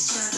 Yeah.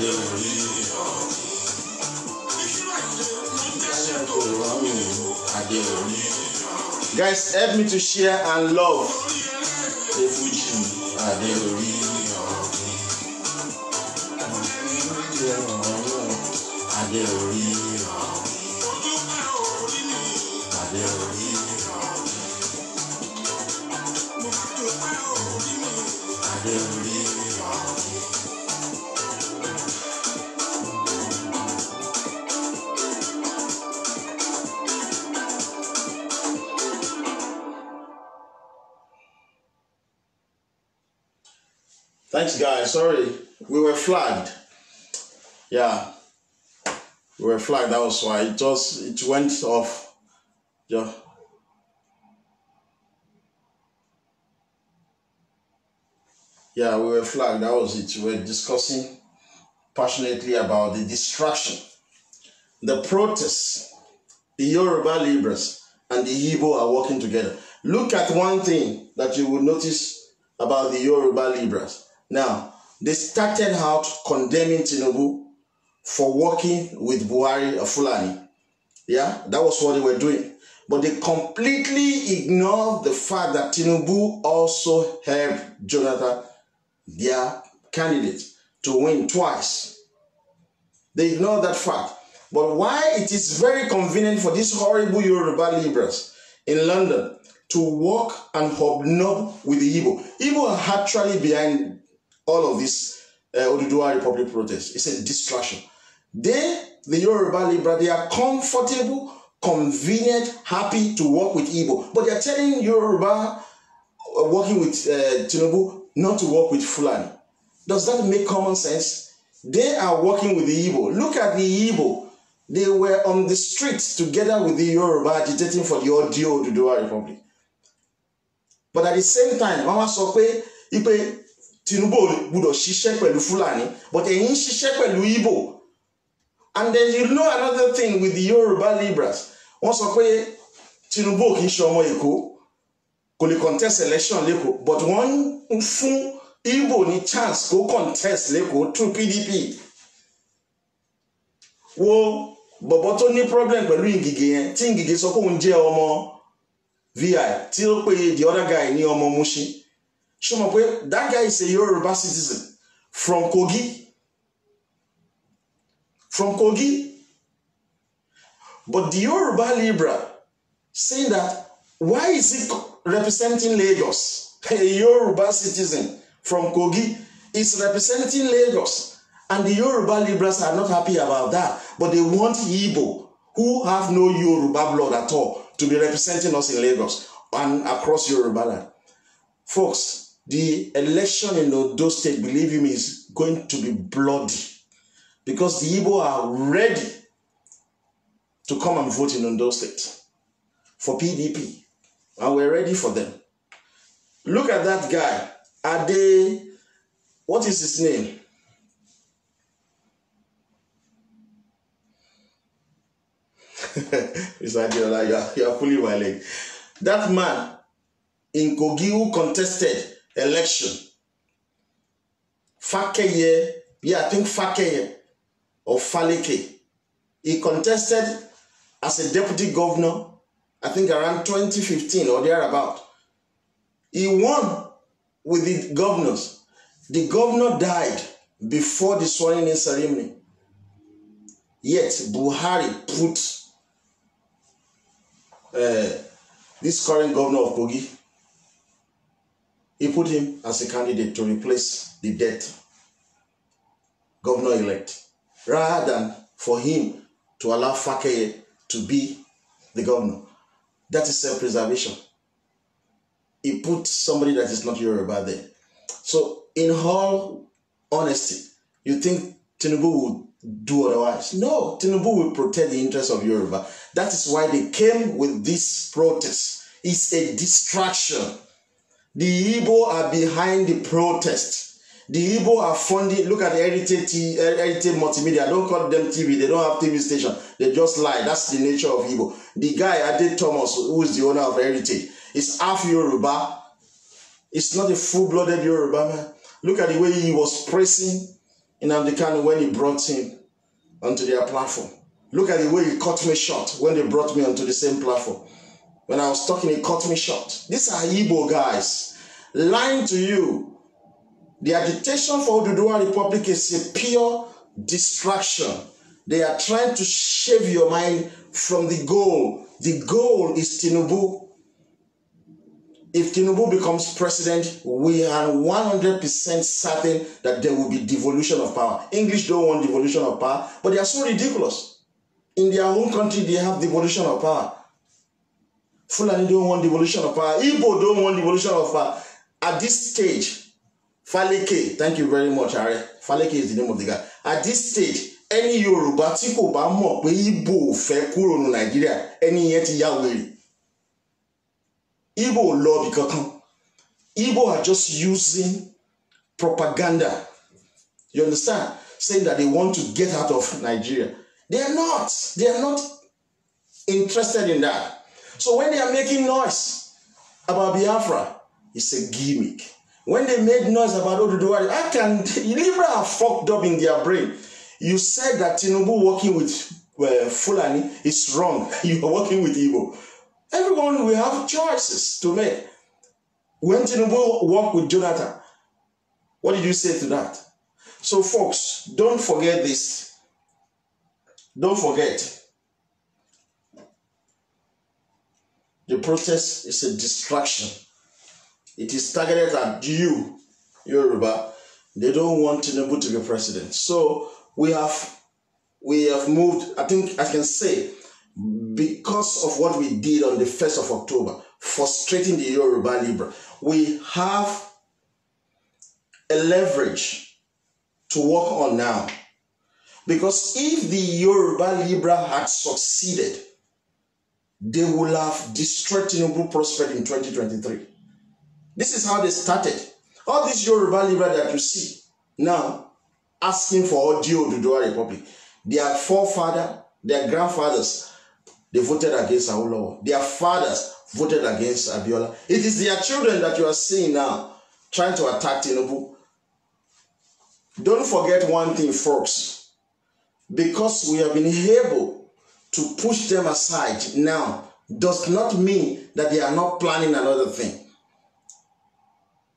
ìpàdé orí ìpàdé orí. Guys, help me to share and love. Adé orí. Thanks, guys. Sorry, we were flagged. Yeah, we were flagged. That was why it just it went off. Yeah. Yeah, we were flagged. That was it. We were discussing passionately about the distraction, the protests, the Yoruba Libras, and the Igbo are working together. Look at one thing that you will notice about the Yoruba Libras now, they started out condemning Tinubu for working with Buhari or uh, Fulani. Yeah, that was what they were doing. But they completely ignored the fact that Tinubu also helped Jonathan, their candidate, to win twice. They ignore that fact. But why it is very convenient for these horrible Yoruba liberals in London to work and hobnob with the Igbo. Igbo are actually behind all of this uh, Oduduwa Republic protest. It's a distraction. They, the Yoruba Libra, they are comfortable, convenient, happy to work with Igbo. But they are telling Yoruba uh, working with uh, Tinubu not to work with Fulani. Does that make common sense? They are working with the Igbo. Look at the Igbo. They were on the streets together with the Yoruba agitating for the audio Oduduwa Republic. But at the same time, Mama Sokwe, pé, Tinubu gbúdọ̀ ṣiṣẹ́ pẹ̀lú Fúlàní but ẹ̀yin ń ṣiṣẹ́ pẹ̀lú Igbo and then you know another thing with the Yoruba Libras, wọ́n sọ pé Tinubu kì í ṣe ọmọ Èkó kò lè contest election lẹ́kọ̀ọ́ but wọ́n ń fún Igbo ní chance kó contest lẹ́kọ̀ọ́ through PDP wo bọ̀bọ̀ tó ní problem pẹ̀lú Ngige yẹn tí Ngige sọ pé òun jẹ́ ọmọ VI tí ó pe the other guy ní ọmọ Mushin ṣé mo pé that guy is a Yoruba citizen from Kogi from Kogi but the Yoruba Libra saying that why is he representing Lagos a Yoruba citizen from Kogi is representing Lagos and the Yoruba liberals are not happy about that, but they want Igbo, who have no Yoruba blood at all, to be representing us in Lagos and across Yoruba land. Folks, the election in Odo State, believe him, is going to be bloody because the Igbo are ready to come and vote in Ondo State for PDP, and we're ready for them. Look at that guy. Ade. What is his name? Mr. Adiola, you are, you are pulling my leg. That man in Kogi who contested election Fakeye, yeah, I think Fakeye or Falike, he contested as a deputy governor, I think around 2015 or thereabout. He won with the governors. The governor died before the swearing in ceremony. Yet Buhari put uh, this current governor of Kogi He put him as a candidate to replace the dead governor elect rather than for him to allow Fakeye to be the governor. That is self preservation. He put somebody that is not Yoruba there. So, in all honesty, you think Tinubu will do otherwise? No, Tinubu will protect the interests of Yoruba. That is why they came with this protest. It's a distraction The Igbo are behind the protest. The Igbo are funding. Look at the Heritage, Heritage Multimedia. don't call them TV. They don't have TV station. They just lie. That's the nature of Igbo. The guy, Ade Thomas, who is the owner of Heritage, is half Yoruba. It's not a full-blooded Yoruba man. Look at the way he was pressing in Kanu when he brought him onto their platform. Look at the way he cut me short when they brought me onto the same platform. When I was talking, he cut me short. These are Igbo guys lying to you. The agitation for Oduduwa Republic is a pure distraction. They are trying to shave your mind from the goal. The goal is Tinubu. If Tinubu becomes president, we are 100% certain that there will be devolution of power. English don't want devolution of power, but they are so ridiculous. In their own country, they have devolution of power. Fulani don't want devolution of power. Igbo don't want devolution of power. At this stage, Faleke, thank you very much, Are. Faleke is the name of the guy. At this stage, ẹni Yorùbá tí kò bá mọ̀ pé Igbo ò fẹ́ kúrò ní Nàìjíríà, ẹni yẹn ti yá wèrè. Igbo ò kankan. Igbo are just using propaganda. You understand? Saying that they want to get out of Nigeria. They are not. They are not interested in that. So when they are making noise about Biafra, it's a gimmick. When they made noise about Oduduwari, I can Libra are fucked up in their brain. You said that Tinubu working with uh, Fulani is wrong. you are working with Igbo. Everyone will have choices to make. When Tinubu worked with Jonathan, what did you say to that? So folks, don't forget this. Don't forget The protest is a distraction. It is targeted at you, Yoruba. They don't want Tinubu to be president. So we have we have moved, I think I can say, because of what we did on the 1st of October, frustrating the Yoruba Libra, we have a leverage to work on now. Because if the Yoruba Libra had succeeded, they will have destroyed Tinubu prospect in 2023. This is how they started. All these Yoruba liberals that you see now asking for audio to a Republic, their forefather, their grandfathers, they voted against law. Their fathers voted against Abiola. It is their children that you are seeing now trying to attack Tinubu. Don't forget one thing, folks. Because we have been able to push them aside now does not mean that they are not planning another thing.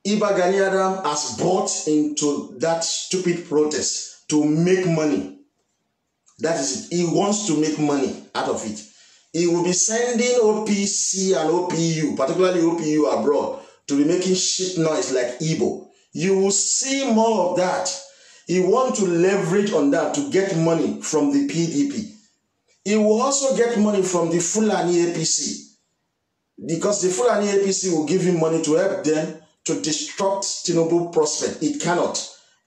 Iba Gani has bought into that stupid protest to make money. That is it. He wants to make money out of it. He will be sending OPC and OPU, particularly OPU abroad, to be making shit noise like Igbo. You will see more of that. He wants to leverage on that to get money from the PDP. He will also get money from the Fulani APC because the Fulani APC will give him money to help them to disrupt Tinubu prospect. It cannot.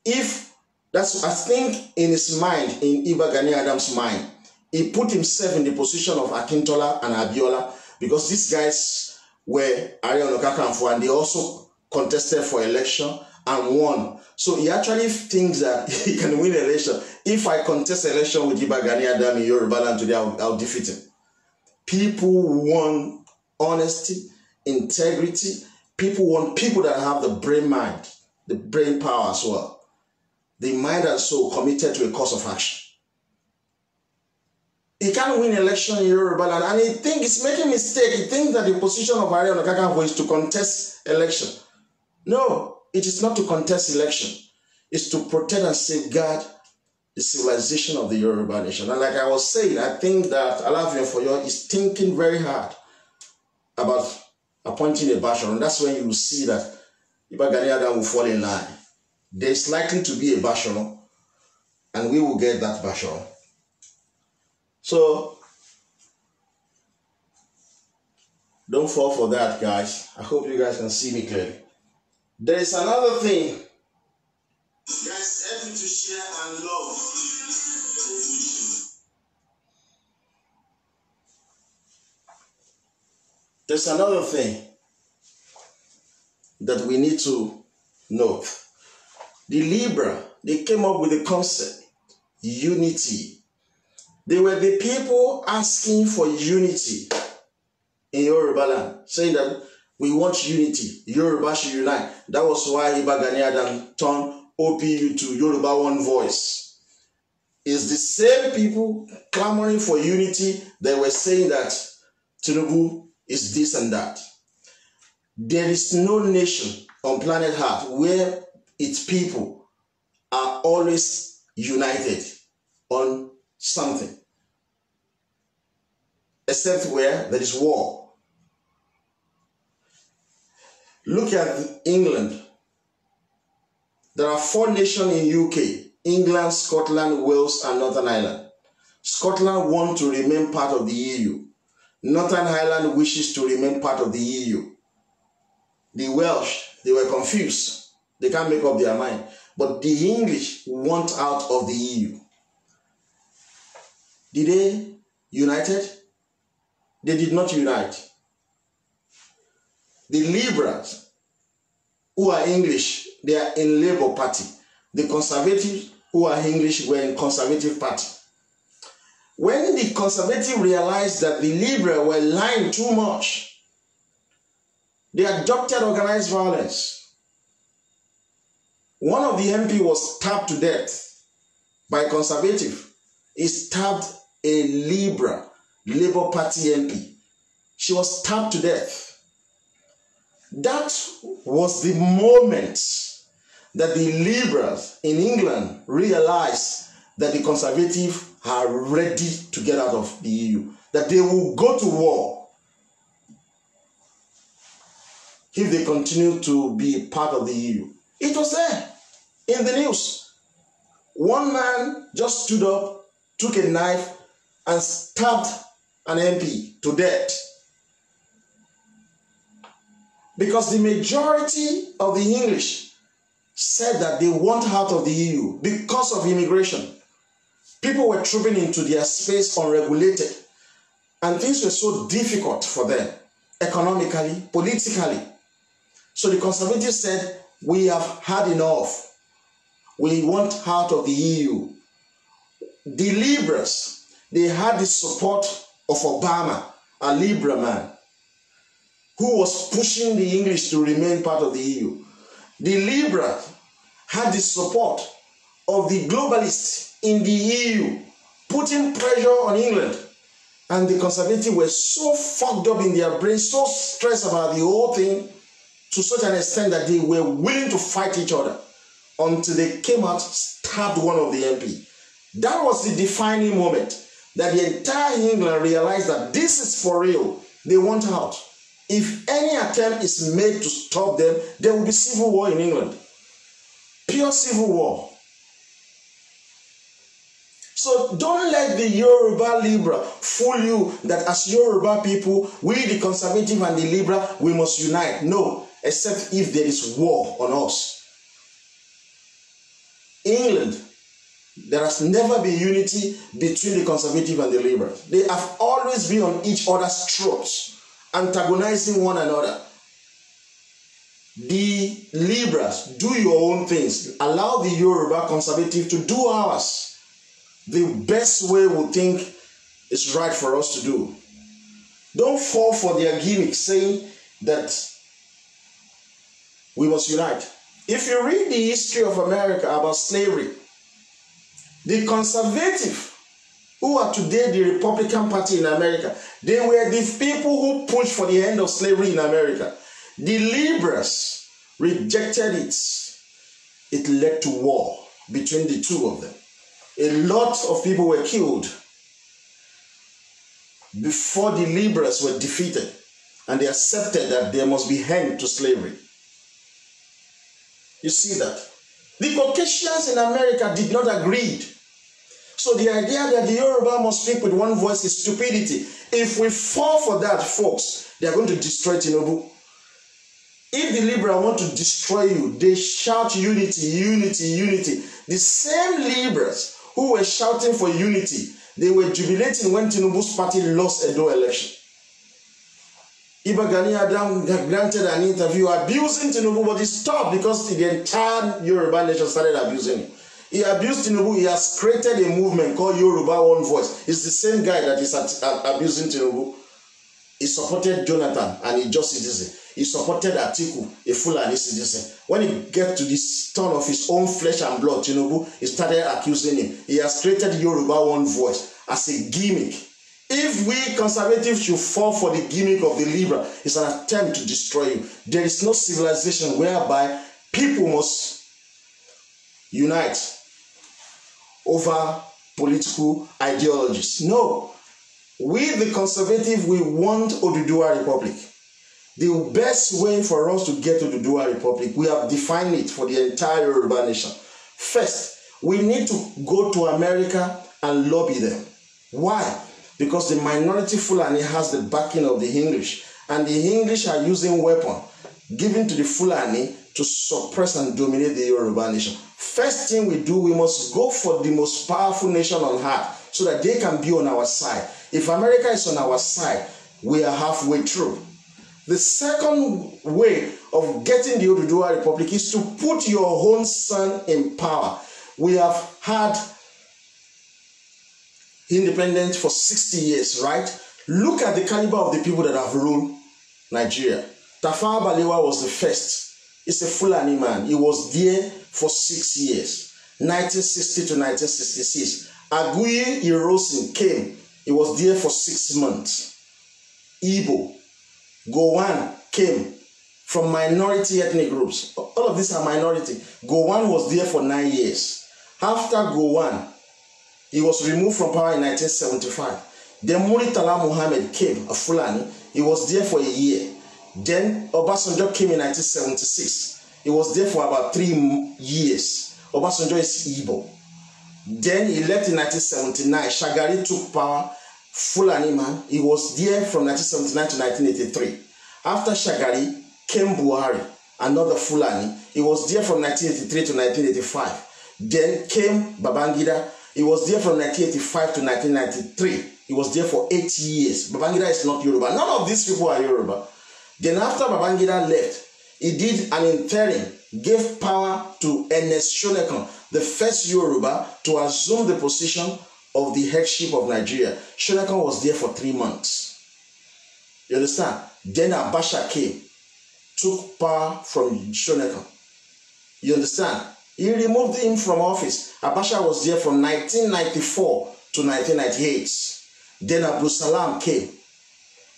If that's, I think, in his mind, in Iba Gani Adams' mind, he put himself in the position of Akintola and Abiola because these guys were Ari Ona Kakanfo and they also contested for election and won. So he actually thinks that he can win election. If I contest election with Iba Gani Adam in today, I'll, I'll defeat him. People want honesty, integrity. People want people that have the brain mind, the brain power as well. The mind and soul committed to a course of action. He can't win election in Yoruba and he thinks he's making mistake. He thinks that the position of Ariel Nakakafo is to contest election. No, it is not to contest election. It's to protect and safeguard the civilization of the Yoruba nation. And like I was saying, I think that Alavion Foyo is thinking very hard about appointing a basher. And that's when you will see that Iba Adam will fall in line. There's likely to be a basher, and we will get that basher. So, don't fall for that, guys. I hope you guys can see me clearly. There is another thing Guys, help me to share and love. There's another thing that we need to know. The Libra, they came up with the concept unity. They were the people asking for unity in Yoruba land, saying that we want unity. Yoruba should unite. That was why Iba Adam turned OPU2, Yoruba One Voice, is the same people clamoring for unity that were saying that Tinubu is this and that. There is no nation on planet Earth where its people are always united on something, except where there is war. Look at England there are four nations in UK, England, Scotland, Wales, and Northern Ireland. Scotland wants to remain part of the EU. Northern Ireland wishes to remain part of the EU. The Welsh, they were confused. They can't make up their mind. But the English want out of the EU. Did they united? They did not unite. The Liberals, who are English, they are in Labour Party. The Conservatives who are English were in Conservative Party. When the Conservative realized that the Liberal were lying too much, they adopted organized violence. One of the MP was stabbed to death by Conservative. He stabbed a Libra, Labour Party MP. She was stabbed to death. That was the moment that the liberals in England realize that the conservatives are ready to get out of the EU, that they will go to war if they continue to be part of the EU. It was there in the news. One man just stood up, took a knife, and stabbed an MP to death. Because the majority of the English said that they want out of the EU because of immigration. People were trooping into their space unregulated, and things were so difficult for them economically, politically. So the conservatives said, We have had enough. We want out of the EU. The Libras they had the support of Obama, a Libra man, who was pushing the English to remain part of the EU the liberals had the support of the globalists in the EU, putting pressure on England. And the conservatives were so fucked up in their brains, so stressed about the whole thing, to such an extent that they were willing to fight each other until they came out, stabbed one of the MP. That was the defining moment that the entire England realized that this is for real. They want out. If any attempt is made to stop them, there will be civil war in England. Pure civil war. So don't let the Yoruba Libra fool you that as Yoruba people, we the conservative and the Libra, we must unite. No, except if there is war on us. England, there has never been unity between the conservative and the Liberal. They have always been on each other's throats antagonizing one another. The Libras, do your own things. Allow the Yoruba conservative to do ours. The best way we think is right for us to do. Don't fall for their gimmick saying that we must unite. If you read the history of America about slavery, the conservative who are today the Republican Party in America. They were the people who pushed for the end of slavery in America. The liberals rejected it. It led to war between the two of them. A lot of people were killed before the liberals were defeated and they accepted that there must be end to slavery. You see that? The Caucasians in America did not agree so the idea that the Yoruba must speak with one voice is stupidity. If we fall for that, folks, they are going to destroy Tinobu. If the Libra want to destroy you, they shout unity, unity, unity. The same Libras who were shouting for unity, they were jubilating when Tinubu's party lost a no election. Iba Gani Adam granted an interview abusing Tinubu, but he stopped because the entire Yoruba nation started abusing him. He abused Tinubu. He has created a movement called Yoruba One Voice. It's the same guy that is abusing Tinubu. He supported Jonathan, and he just citizen. He supported Atiku, a Fulani citizen. When he get to this turn of his own flesh and blood, Tinubu, he started accusing him. He has created Yoruba One Voice as a gimmick. If we conservatives should fall for the gimmick of the liberal, it's an attempt to destroy you. There is no civilization whereby people must unite over political ideologies. No, we the conservative, we want Oduduwa Republic. The best way for us to get Oduduwa Republic, we have defined it for the entire Yoruba nation. First, we need to go to America and lobby them. Why? Because the minority Fulani has the backing of the English, and the English are using weapon given to the Fulani to suppress and dominate the Yoruba nation. First thing we do, we must go for the most powerful nation on earth so that they can be on our side. If America is on our side, we are halfway through. The second way of getting the Oduduwa Republic is to put your own son in power. We have had independence for 60 years, right? Look at the caliber of the people that have ruled Nigeria. Tafa Baliwa was the first is a Fulani man. He was there for six years, 1960 to 1966. Agui Erosin came. He was there for six months. Igbo, Gowan came from minority ethnic groups. All of these are minority. Gowan was there for nine years. After Gowan, he was removed from power in 1975. Then Muritala Muhammad came, a Fulani. He was there for a year. Then Obasanjo came in 1976. He was there for about three years. Obasanjo is Igbo. Then he left in 1979. Shagari took power, Fulani man. He was there from 1979 to 1983. After Shagari came Buhari, another Fulani. He was there from 1983 to 1985. Then came Babangida. He was there from 1985 to 1993. He was there for eight years. Babangida is not Yoruba. None of these people are Yoruba. Then after Babangida left, he did an interim, gave power to Ernest Shonekan, the first Yoruba to assume the position of the headship of Nigeria. Shonekan was there for three months. You understand? Then Abacha came, took power from Shonekan. You understand? He removed him from office. Abacha was there from 1994 to 1998. Then Abdul Salam came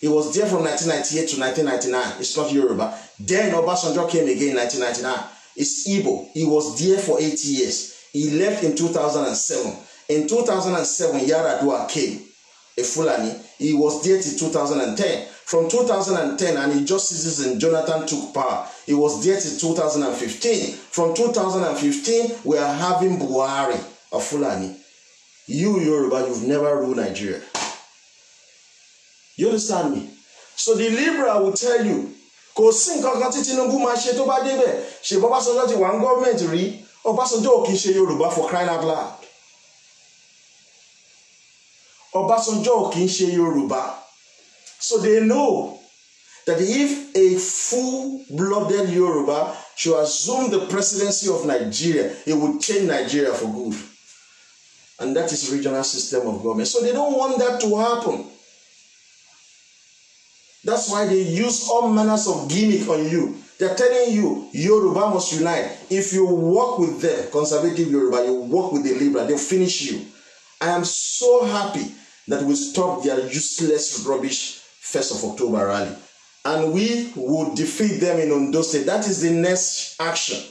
He was there from 1998 to 1999. It's not Yoruba. Then Obasanjo came again in 1999. It's Igbo. He was there for 80 years. He left in 2007. In 2007, Yaradua came, a Fulani. He was there till 2010. From 2010, and he just citizen Jonathan took power. He was there till 2015. From 2015, we are having Buhari, a Fulani. You Yoruba, you've never ruled Nigeria you understand me so the liberal will tell you kò sí nǹkan kan tí Tinubu máa ṣe tó bá débẹ̀ ṣèbọ́ Ọbásanjọ́ ti wà ní gọ́ọ̀mẹ̀ntì rí Ọbásanjọ́ ò kì í ṣe Yorùbá for crying out loud Ọbásanjọ́ ò kì í ṣe Yorùbá so they know that if a full-blooded Yorùbá should assume the presidency of Nigeria it would change Nigeria for good and that is regional system of government so they don't want that to happen. That's why they use all manners of gimmick on you. They are telling you Yoruba must unite. If you work with them, conservative Yoruba, you work with the liberal, they'll finish you. I am so happy that we stopped their useless rubbish first of October rally. And we will defeat them in Ondo State. That is the next action.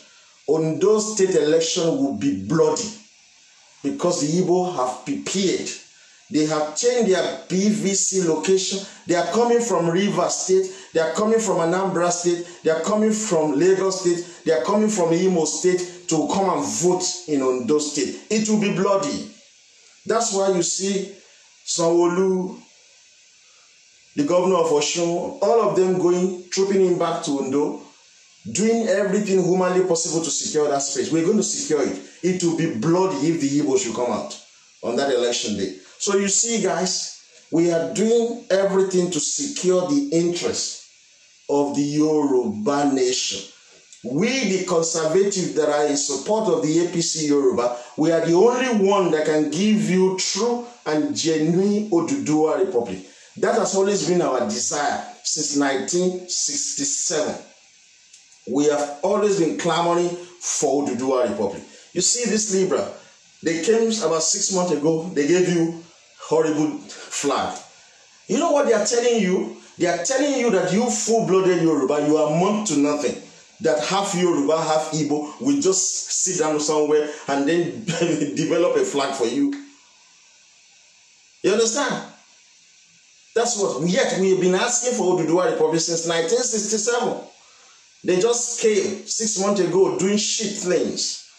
Ondo State election will be bloody because the Igbo have prepared They have changed their BVC location. They are coming from Rivers State. They are coming from Anambra State. They are coming from Lagos State. They are coming from Imo State to come and vote in Ondo State. It will be bloody. That's why you see Sanwo-Olu, the governor of Osun, all of them going, trooping him back to Ondo, doing everything humanly possible to secure that space. We are going to secure it. It will be bloody if the Igbo should come out on that election day. So you see, guys, we are doing everything to secure the interest of the Yoruba nation. We, the conservatives that are in support of the APC Yoruba, we are the only one that can give you true and genuine Oduduwa Republic. That has always been our desire since 1967. We have always been clamoring for Oduduwa Republic. You see, this Libra, they came about six months ago, they gave you horrible flag. You know what they are telling you? They are telling you that you full blooded Yoruba, you amount to nothing. That half Yoruba, half Igbo will just sit down somewhere and then develop a flag for you. You understand? That's what, yet we have been asking for Oduduwa Republic since 1967. They just came six months ago doing shit things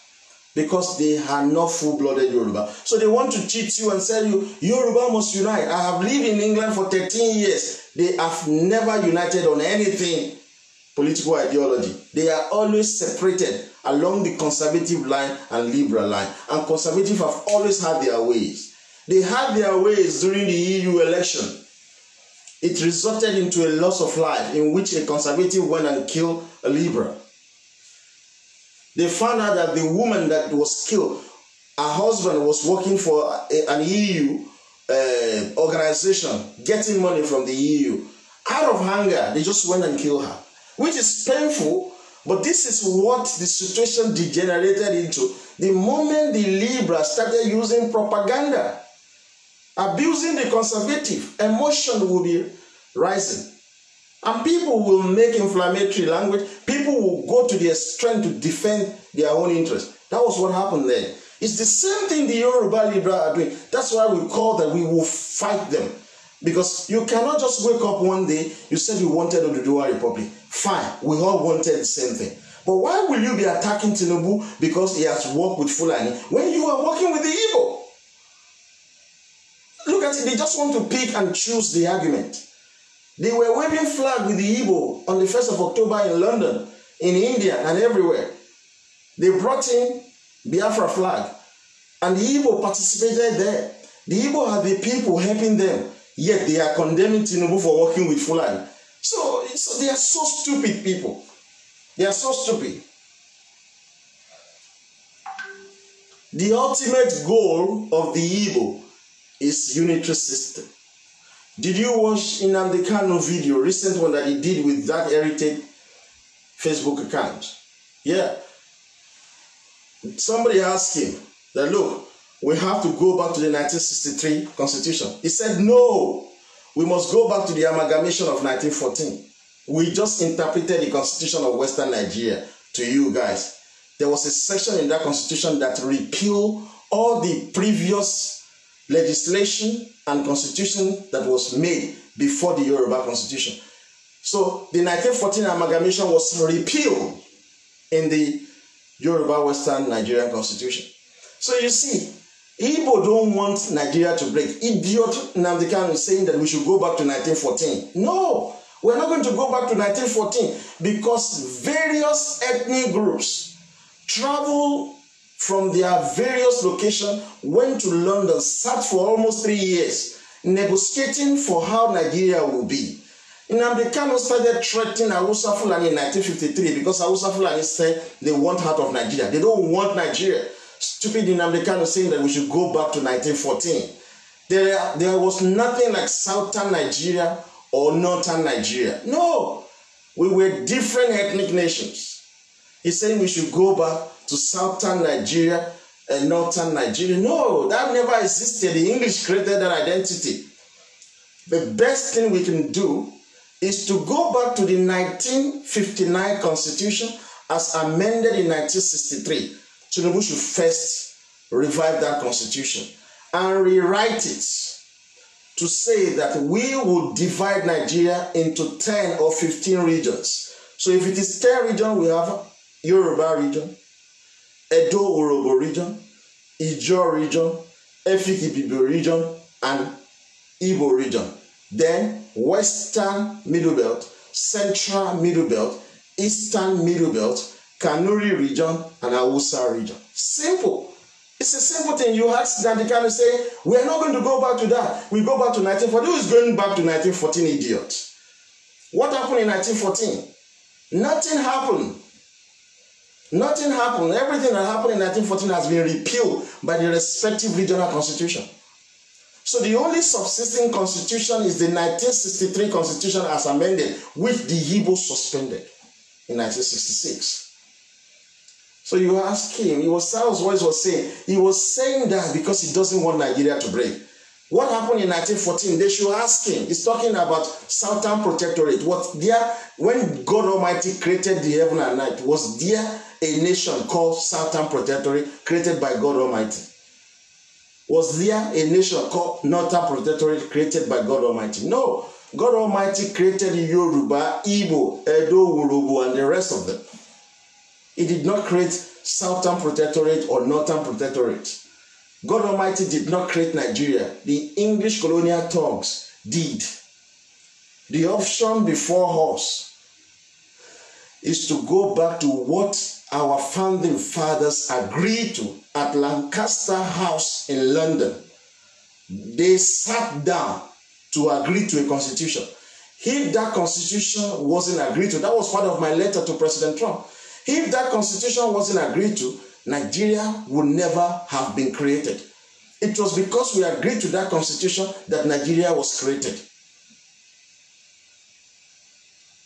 because they are not full-blooded Yoruba. So they want to cheat you and tell you Yoruba must unite. I have lived in England for thirteen years. They have never united on anything political ideology. They are always separated along the conservative line and liberal line. And conservatives have always had their ways. They had their ways during the EU election. It resulted into a loss of life in which a conservative went and killed a liberal. They found out that the woman that was killed, her husband was working for a, an EU uh, organization, getting money from the EU. Out of hunger, they just went and killed her, which is painful. But this is what the situation degenerated into. The moment the Libra started using propaganda, abusing the conservative, emotion would be rising. And people will make inflammatory language. People will go to their strength to defend their own interests. That was what happened there. It's the same thing the Yoruba Libra are doing. That's why we call that we will fight them. Because you cannot just wake up one day, you said you wanted a Dual Republic. Fine, we all wanted the same thing. But why will you be attacking Tinubu because he has worked with Fulani when you are working with the Igbo? Look at it, they just want to pick and choose the argument. They were waving flag with the Igbo on the 1st of October in London, in India, and everywhere. They brought in Biafra flag, and the Igbo participated there. The Igbo had the people helping them, yet they are condemning Tinubu for working with Fulani. So, so they are so stupid people. They are so stupid. The ultimate goal of the Igbo is unitary system. Did you watch Inamde Kano video, recent one that he did with that heritage Facebook account? Yeah. Somebody asked him that, look, we have to go back to the 1963 constitution. He said, no, we must go back to the amalgamation of 1914. We just interpreted the constitution of Western Nigeria to you guys. There was a section in that constitution that repealed all the previous legislation and constitution that was made before the Yoruba constitution. So the 1914 amalgamation was repealed in the Yoruba Western Nigerian constitution. So you see, Igbo don't want Nigeria to break. Idiot Nnamdi Kanu saying that we should go back to 1914. No, we are not going to go back to 1914 because various ethnic groups travel from their various locations went to London, sat for almost three years, negotiating for how Nigeria will be. Nnamdi Kanu started threatening Hausa Fulani in 1953 because Hausa Fulani said they want out of Nigeria. They don't want Nigeria. Stupid Nnamdi Kanu saying that we should go back to 1914. There, there was nothing like southern Nigeria or northern Nigeria. No, we were different ethnic nations. He's saying we should go back to southern Nigeria and northern Nigeria. No, that never existed. The English created that identity. The best thing we can do is to go back to the 1959 constitution as amended in 1963. Tinubu should first revive that constitution and rewrite it to say that we will divide Nigeria into 10 or 15 regions. So if it is 10 regions, we have Yoruba region. Edo Worobo region, Ijo region, Efikipibo region, and Igbo region. Then Western Middle Belt, Central Middle Belt, Eastern Middle Belt, Kanuri region, and Hausa region. Simple. It's a simple thing. You ask that they kind of say, are not going to go back to that. We go back to 1940 Who is going back to 1914, idiot? What happened in 1914? Nothing happened. Nothing happened. Everything that happened in 1914 has been repealed by the respective regional constitution. So the only subsisting constitution is the 1963 constitution as amended, with the Igbo suspended in 1966. So you ask him, he was Cyrus Royce was saying, he was saying that because he doesn't want Nigeria to break. What happened in 1914? They should ask him. He's talking about Southern Protectorate. What there, when God Almighty created the heaven and night? was there a nation called Southern Protectorate created by God Almighty? Was there a nation called Northern Protectorate created by God Almighty? No. God Almighty created Yoruba, Igbo, Edo, Urubu, and the rest of them. He did not create Southern Protectorate or Northern Protectorate. God Almighty did not create Nigeria. The English colonial thugs did. The option before us is to go back to what our founding fathers agreed to at Lancaster House in London. They sat down to agree to a constitution. If that constitution wasn't agreed to, that was part of my letter to President Trump. If that constitution wasn't agreed to, Nigeria would never have been created. It was because we agreed to that constitution that Nigeria was created.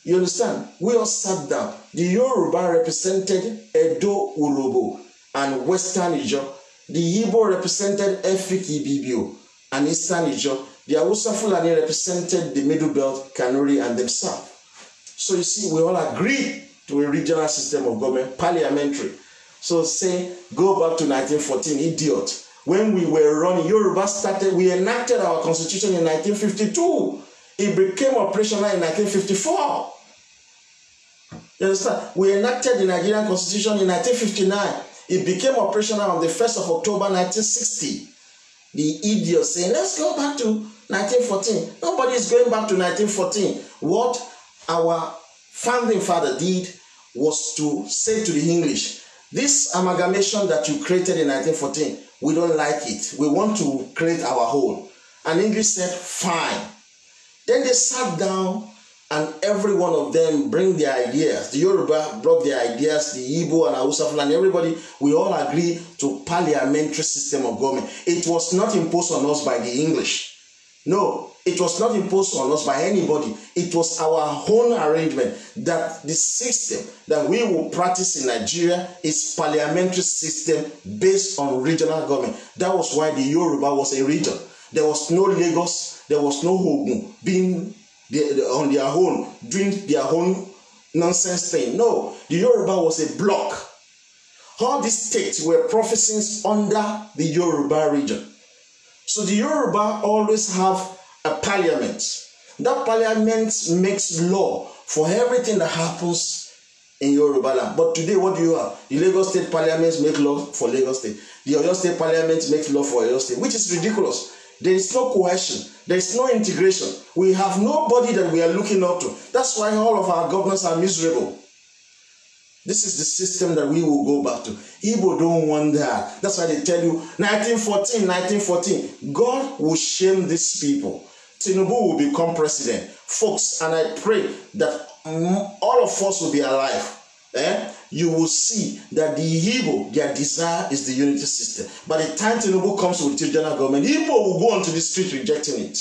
You understand? We all sat down. The Yoruba represented Edo Urobo and Western Ijo. The Igbo represented Efik Ibibio and Eastern Ijo. The Awusa Fulani represented the Middle Belt, Kanuri, and themselves. So you see, we all agreed to a regional system of government, parliamentary. So say, go back to 1914, idiot. When we were running, Yoruba started, we enacted our constitution in 1952. It became operational in 1954. You understand? We enacted the Nigerian constitution in 1959. It became operational on the 1st of October 1960. The idiot saying, let's go back to 1914. Nobody is going back to 1914. What our founding father did was to say to the English, This amalgamation that you created in 1914, we don't like it. We want to create our own. And English said, fine. Then they sat down and every one of them bring their ideas. The Yoruba brought their ideas, the Igbo and Hausa Fulani, everybody, we all agree to parliamentary system of government. It was not imposed on us by the English. No, It was not imposed on us by anybody. It was our own arrangement that the system that we will practice in Nigeria is parliamentary system based on regional government. That was why the Yoruba was a region. There was no Lagos, there was no Ogun being on their own, doing their own nonsense thing. No, the Yoruba was a block. All these states were provinces under the Yoruba region. So the Yoruba always have a parliament. That parliament makes law for everything that happens in Yoruba land. But today, what do you have? The Lagos State Parliament makes law for Lagos State. The Oyo State Parliament makes law for Oyo State, which is ridiculous. There is no cohesion. There is no integration. We have nobody that we are looking up to. That's why all of our governors are miserable. This is the system that we will go back to. Igbo don't want that. That's why they tell you 1914, 1914. God will shame these people. Tinubu will become president. Folks, and I pray that all of us will be alive. Eh? You will see that the Igbo, their desire is the unity system. By the time Tinubu comes with the general government, Igbo will go onto the street rejecting it.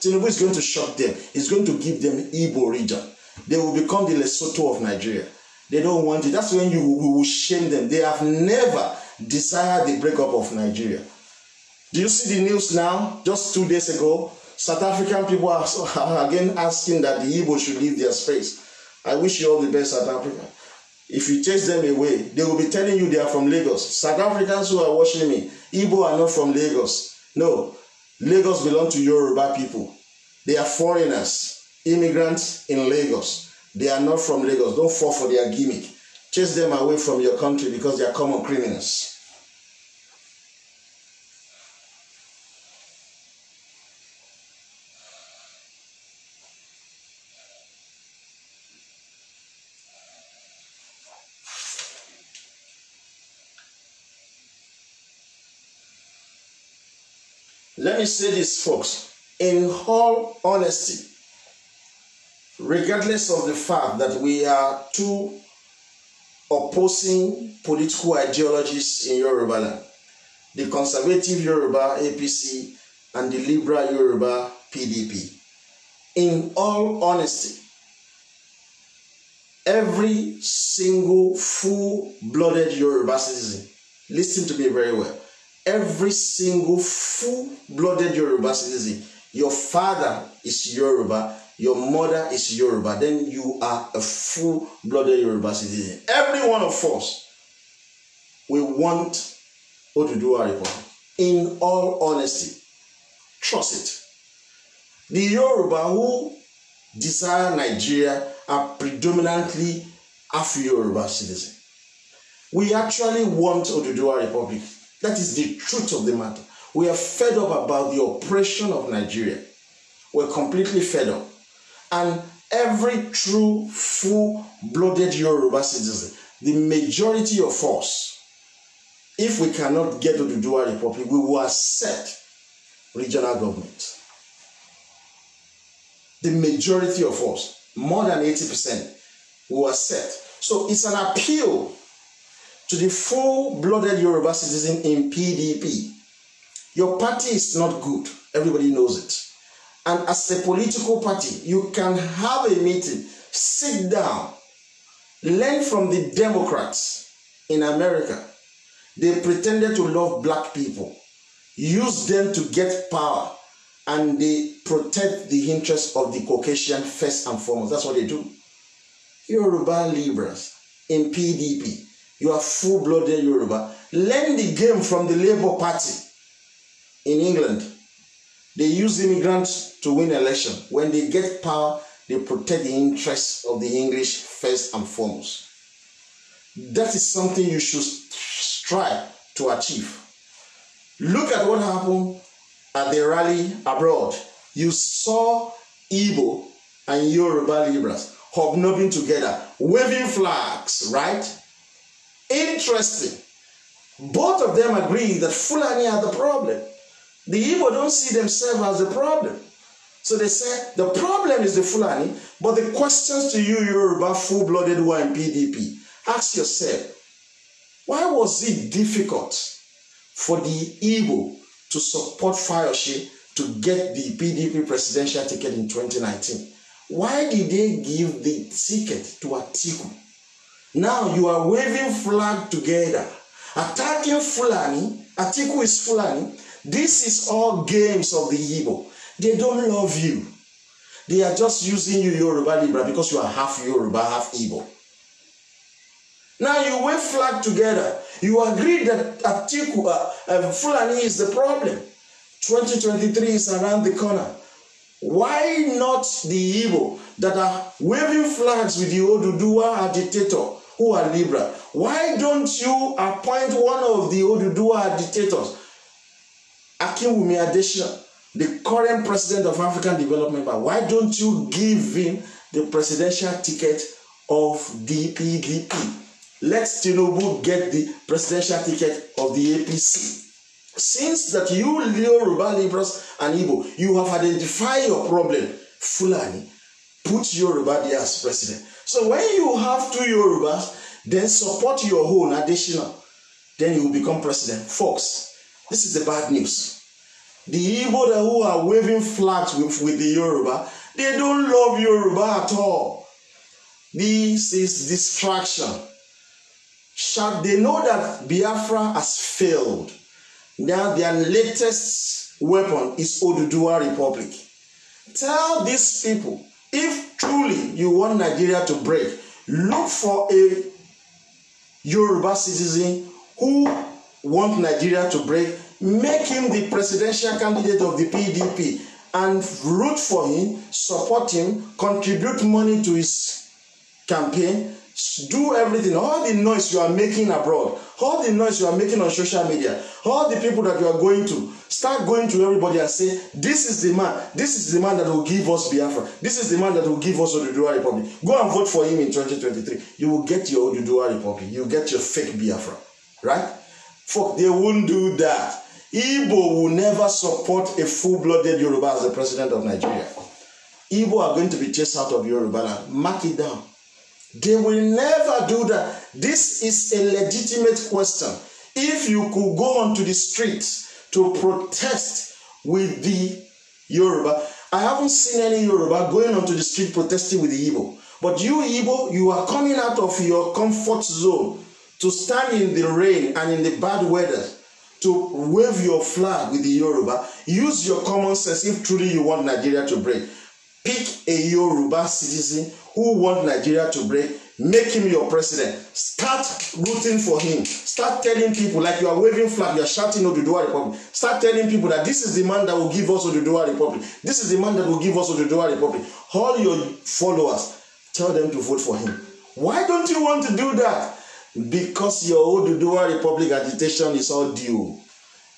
Tinubu is going to shock them. He's going to give them Igbo region. They will become the Lesotho of Nigeria. They don't want it. That's when you will shame them. They have never desired the breakup of Nigeria. Do you see the news now? Just two days ago, South African people are, are again asking that the Igbo should leave their space. I wish you all the best, South Africa. If you chase them away, they will be telling you they are from Lagos. South Africans who are watching me, Igbo are not from Lagos. No, Lagos belong to Yoruba people. They are foreigners, immigrants in Lagos. They are not from Lagos. Don't fall for their gimmick. Chase them away from your country because they are common criminals. Let me say this, folks. In all honesty, regardless of the fact that we are two opposing political ideologies in Yoruba land, the conservative Yoruba APC and the liberal Yoruba PDP. In all honesty, every single full blooded Yoruba citizen, listen to me very well every single full-blooded Yoruba citizen. Your father is Yoruba, your mother is Yoruba, then you are a full-blooded Yoruba citizen. Every one of us, we want Oduduwa Republic. In all honesty, trust it. The Yoruba who desire Nigeria are predominantly Afro-Yoruba citizens. We actually want Oduduwa Republic That is the truth of the matter. We are fed up about the oppression of Nigeria. We're completely fed up. And every true, full blooded Yoruba citizen, the majority of us, if we cannot get to the Dual Republic, we will accept regional government. The majority of us, more than 80%, will accept. So it's an appeal to the full blooded Yoruba citizen in PDP. Your party is not good. Everybody knows it. And as a political party, you can have a meeting, sit down, learn from the Democrats in America. They pretended to love black people, use them to get power, and they protect the interests of the Caucasian first and foremost. That's what they do. Yoruba Libras in PDP you are full blooded Yoruba. Learn the game from the Labour Party in England. They use immigrants to win election. When they get power, they protect the interests of the English first and foremost. That is something you should strive to achieve. Look at what happened at the rally abroad. You saw Igbo and Yoruba Libras hobnobbing together, waving flags, right? Interesting. Both of them agree that Fulani are the problem. The Igbo don't see themselves as the problem. So they say the problem is the Fulani, but the questions to you, Yoruba full blooded one. PDP, ask yourself why was it difficult for the Igbo to support Fayoshi to get the PDP presidential ticket in 2019? Why did they give the ticket to Atiku? Now you are waving flag together, attacking Fulani. Atiku is Fulani. This is all games of the Igbo. They don't love you. They are just using you Yoruba Libra because you are half Yoruba, half Igbo. Now you wave flag together. You agree that Atiku, uh, uh, Fulani is the problem. 2023 is around the corner. Why not the Igbo that are waving flags with the Oduduwa agitator who are liberal. Why don't you appoint one of the Oduduwa dictators, Akinwumi Adesina, the current president of African Development Bank? Why don't you give him the presidential ticket of the PDP? E? Let Tinubu get the presidential ticket of the APC. E. Since that you, Leo Yoruba liberals and Igbo, you have identified your problem, Fulani, put Yoruba there as president So when you have two Yorubas, then support your own additional. Then you will become president. Folks, this is the bad news. The Igbo who are waving flags with, with the Yoruba, they don't love Yoruba at all. This is distraction. Shall they know that Biafra has failed? Now their latest weapon is Oduduwa Republic. Tell these people if truly you want Nigeria to break, look for a Yoruba citizen who want Nigeria to break, make him the presidential candidate of the PDP and root for him, support him, contribute money to his campaign do everything. All the noise you are making abroad, all the noise you are making on social media, all the people that you are going to, start going to everybody and say, This is the man, this is the man that will give us Biafra, this is the man that will give us Oduduwa Republic. Go and vote for him in 2023. You will get your Oduduwa Republic, you get your fake Biafra, right? Fuck, they won't do that. Igbo will never support a full blooded Yoruba as the president of Nigeria. Igbo are going to be chased out of Yoruba Mark it down. They will never do that. This is a legitimate question. If you could go onto the street to protest with the Yoruba, I haven't seen any Yoruba going onto the street protesting with the Igbo. But you Igbo, you are coming out of your comfort zone to stand in the rain and in the bad weather to wave your flag with the Yoruba. Use your common sense if truly you want Nigeria to break. Pick a Yoruba citizen who want Nigeria to break, make him your president. Start rooting for him. Start telling people, like you are waving flag, you are shouting Oduduwa Republic. Start telling people that this is the man that will give us Oduduwa Republic. This is the man that will give us Oduduwa Republic. All your followers, tell them to vote for him. Why don't you want to do that? Because your Oduduwa Republic agitation is all due.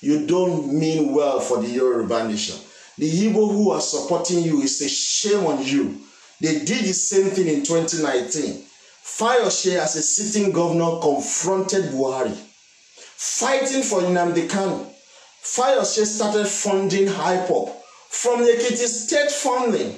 You don't mean well for the Yoruba nation. The Igbo who are supporting you is a shame on you. They did the same thing in 2019. Fayoshe, as a sitting governor, confronted Buhari, fighting for Nnamdi Kanu. Fayoshe started funding HIPOP from the Ekiti state funding.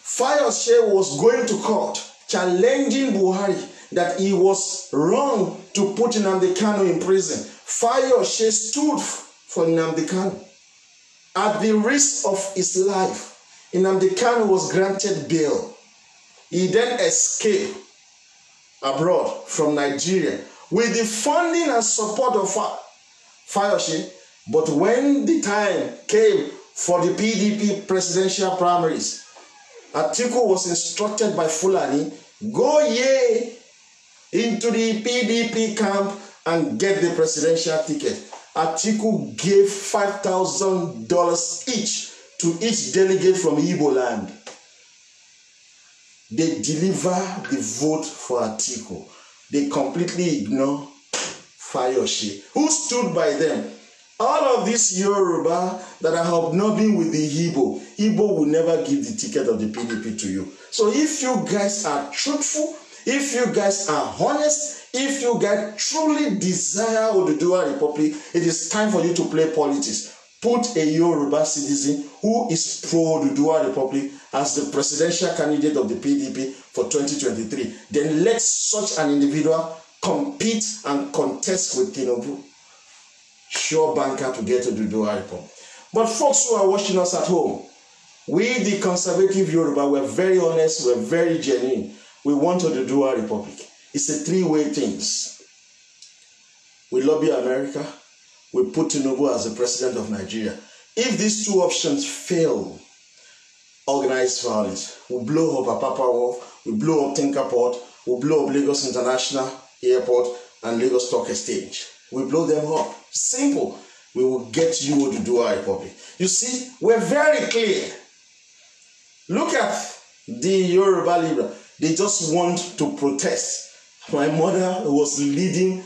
Fayoshe was going to court, challenging Buhari that he was wrong to put Nnamdi Kanu in prison. Fayoshe stood for Nnamdi Kanu at the risk of his life. Nnamdi Kanu was granted bail. He then escaped abroad from Nigeria with the funding and support of Fayoshi. But when the time came for the PDP presidential primaries, Atiku was instructed by Fulani, go ye into the PDP camp and get the presidential ticket. Atiku gave $5,000 each to each delegate from Igbo land. They deliver the vote for Atiku. They completely ignore Fayose, who stood by them. All of these Yoruba that are hobnobbing with the Igbo, Igbo will never give the ticket of the PDP to you. So if you guys are truthful, if you guys are honest, if you guys truly desire Oduduwa Republic, it is time for you to play politics. put a Yoruba citizen who is pro Dudua Republic as the presidential candidate of the PDP for 2023, then let such an individual compete and contest with Tinubu. Sure banker to get the Dudua Republic. But folks who are watching us at home, we the conservative Yoruba, we're very honest, we're very genuine. We want to Dudua Republic. It's a three-way things. We lobby America we put Tinubu as the president of Nigeria. If these two options fail, organized violence will blow up Apapa Wharf, will blow up Tinker Port, will blow up Lagos International Airport and Lagos Stock Exchange. We blow them up. Simple. We will get you to do our Republic. You see, we're very clear. Look at the Yoruba Libra. They just want to protest. My mother was leading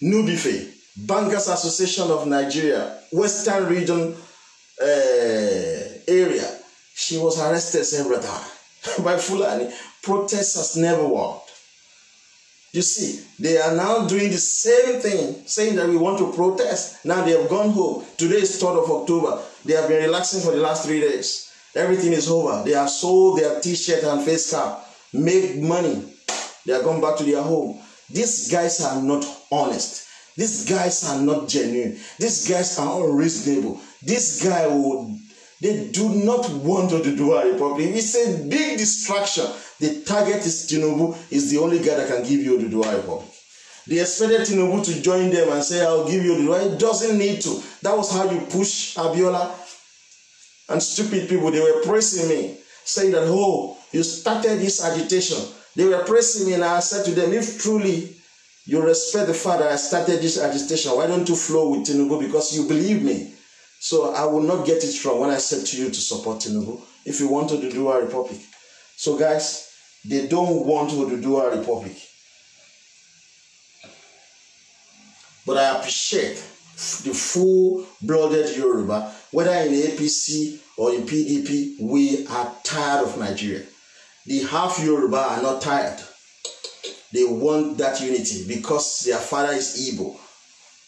Nubife Bankers Association of Nigeria, Western Region uh, area. She was arrested, same times by Fulani. Protesters never worked. You see, they are now doing the same thing, saying that we want to protest. Now they have gone home. Today is 3rd of October. They have been relaxing for the last three days. Everything is over. They have sold their t-shirt and face cap, made money. They are going back to their home. These guys are not honest. These guys are not genuine. These guys are unreasonable. This guy will they do not want to do a republic. It's a big distraction. The target is Tinubu, is the only guy that can give you the Dua republic. They expected Tinubu to join them and say, I'll give you the Dua. It doesn't need to. That was how you push Abiola and stupid people. They were pressing me, saying that, oh, you started this agitation. They were pressing me, and I said to them, if truly You respect the fact that I started this agitation. Why don't you flow with Tinubu? Because you believe me. So I will not get it from when I said to you to support Tinubu if you wanted to do a republic. So guys, they don't want to do a republic. But I appreciate the full-blooded Yoruba, whether in APC or in PDP, we are tired of Nigeria. The half Yoruba are not tired. They want that unity because their father is Igbo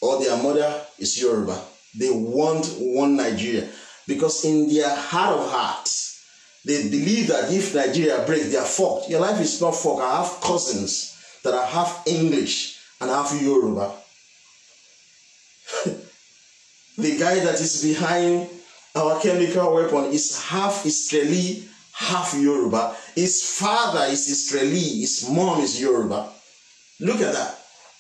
or their mother is Yoruba. They want one Nigeria because in their heart of hearts, they believe that if Nigeria breaks, they are fucked. Your life is not fucked. I have cousins that are half English and half Yoruba. the guy that is behind our chemical weapon is half Israeli half Yoruba. His father is Israeli, his mom is Yoruba. Look at that.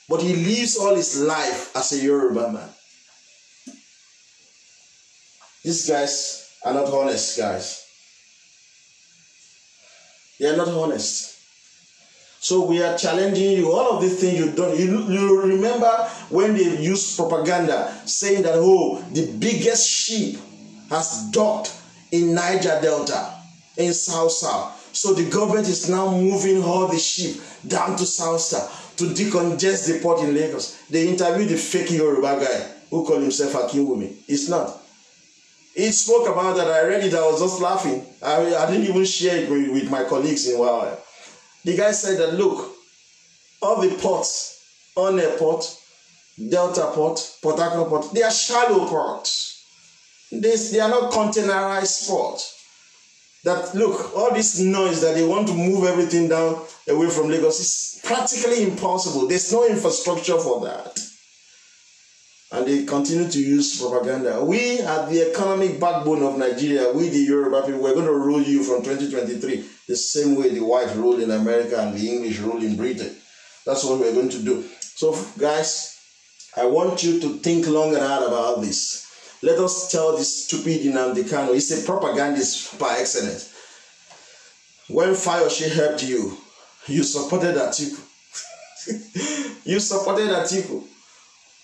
But he lives all his life as a Yoruba man. These guys are not honest, guys. They are not honest. So we are challenging you. All of these things you don't. You, you remember when they used propaganda saying that, oh, the biggest sheep has docked in Niger Delta. in South South. So the government is now moving all the ship down to South South to decongest the port in Lagos. They interviewed the fake Yoruba guy who called himself Akinwumi. It's not. He spoke about that. I read it. I was just laughing. I, I didn't even share it with, with my colleagues in Huawei. The guy said that, look, all the ports, on port, Delta port, Port Harcourt port, they are shallow ports. They, they are not containerized ports. that look, all this noise that they want to move everything down away from Lagos is practically impossible. There's no infrastructure for that. And they continue to use propaganda. We are the economic backbone of Nigeria. We, the Yoruba people, we're going to rule you from 2023 the same way the white rule in America and the English rule in Britain. That's what we're going to do. So, guys, I want you to think long and hard about this let us tell this stupid Nnamdi Kanu, he's a propagandist by excellence. When Fire she helped you, you supported Atiku. you supported Atiku.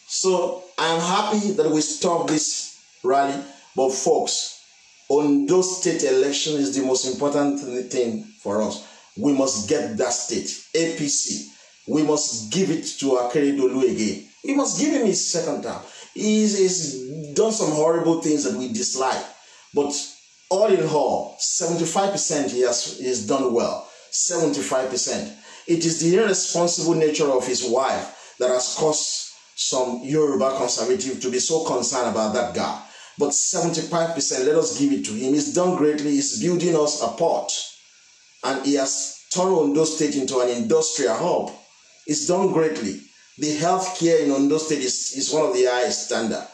So I am happy that we stopped this rally, but folks, on those state elections is the most important thing for us. We must get that state, APC. We must give it to Akere Dulu again. We must give him his second term he's, he's done some horrible things that we dislike. But all in all, 75% he has, done well. 75%. It is the irresponsible nature of his wife that has caused some Yoruba conservative to be so concerned about that guy. But 75%, let us give it to him. He's done greatly, he's building us apart. And he has turned Ondo State into an industrial hub. He's done greatly. The healthcare in Ondo State is, is one of the highest standard.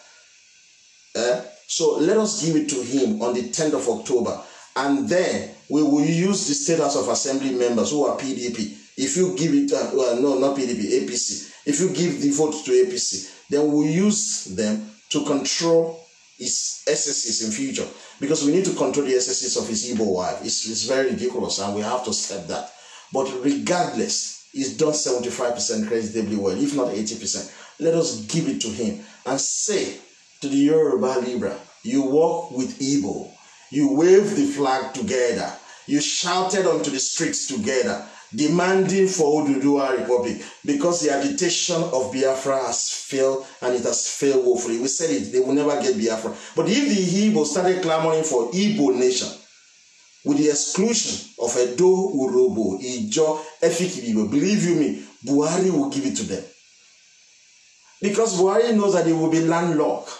Eh? So let us give it to him on the 10th of October. And then we will use the status of Assembly members who are PDP. If you give it, uh, well, no, not PDP, APC. If you give the vote to APC, then we'll use them to control his excesses in future. Because we need to control the excesses of his evil wife. It's, it's very ridiculous and we have to stop that. But regardless, He's done 75% creditably well, if not 80%. Let us give it to him and say to the Yoruba Libra, you walk with Igbo, you wave the flag together, you shouted onto the streets together, demanding for Ududua Republic because the agitation of Biafra has failed and it has failed woefully. We said it, they will never get Biafra. But if the Igbo started clamoring for Igbo nation, with the exclusion of Edo, Urobo, Ijo, Efikibibo. Believe you me, Buhari will give it to them. Because Buhari knows that they will be landlocked.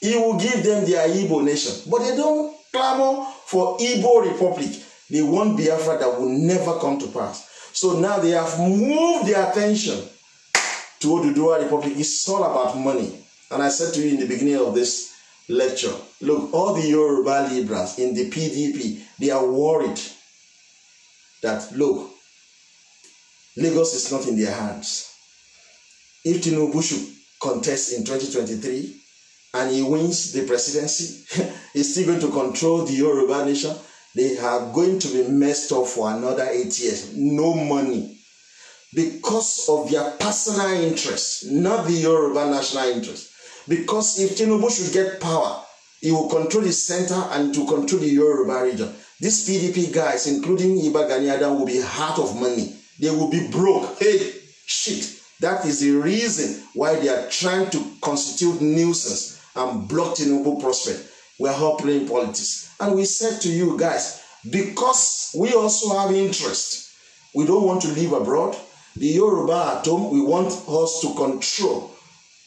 He will give them their Igbo nation. But they don't clamor for Igbo Republic. They want Biafra that will never come to pass. So now they have moved their attention to Oduduwa Republic. It's all about money. And I said to you in the beginning of this lecture. Look, all the Yoruba Libras in the PDP, they are worried that, look, Lagos is not in their hands. If Tinubu should contest in 2023 and he wins the presidency, he's still going to control the Yoruba nation. They are going to be messed up for another eight years. No money. Because of their personal interest, not the Yoruba national interest because if Tinubu should get power, he will control the center and to control the Yoruba region. These PDP guys, including Iba Ganiada, will be heart of money. They will be broke. Hey, shit. That is the reason why they are trying to constitute nuisance and block Tinubu prospect. We are all playing politics. And we said to you guys, because we also have interest, we don't want to live abroad. The Yoruba at home, we want us to control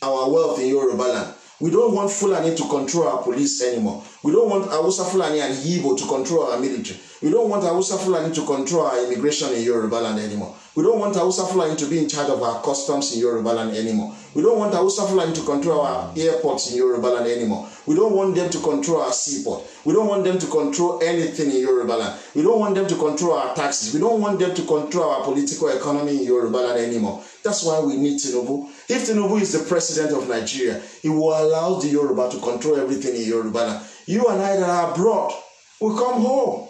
our wealth in Yoruba land. We don't want Fulani to control our police anymore. We don't want Hausa Fulani and Igbo to control our military. We don't want Hausa Fulani to control our immigration in Yoruba land anymore. We don't want Hausa flying to be in charge of our customs in Yoruba land anymore. We don't want Hausa flying to control our airports in Yoruba land anymore. We don't want them to control our seaport. We don't want them to control anything in Yoruba land. We don't want them to control our taxes. We don't want them to control our political economy in Yoruba land anymore. That's why we need Tinubu. If Tinubu is the president of Nigeria, he will allow the Yoruba to control everything in Yoruba land. You and I that are abroad will come home.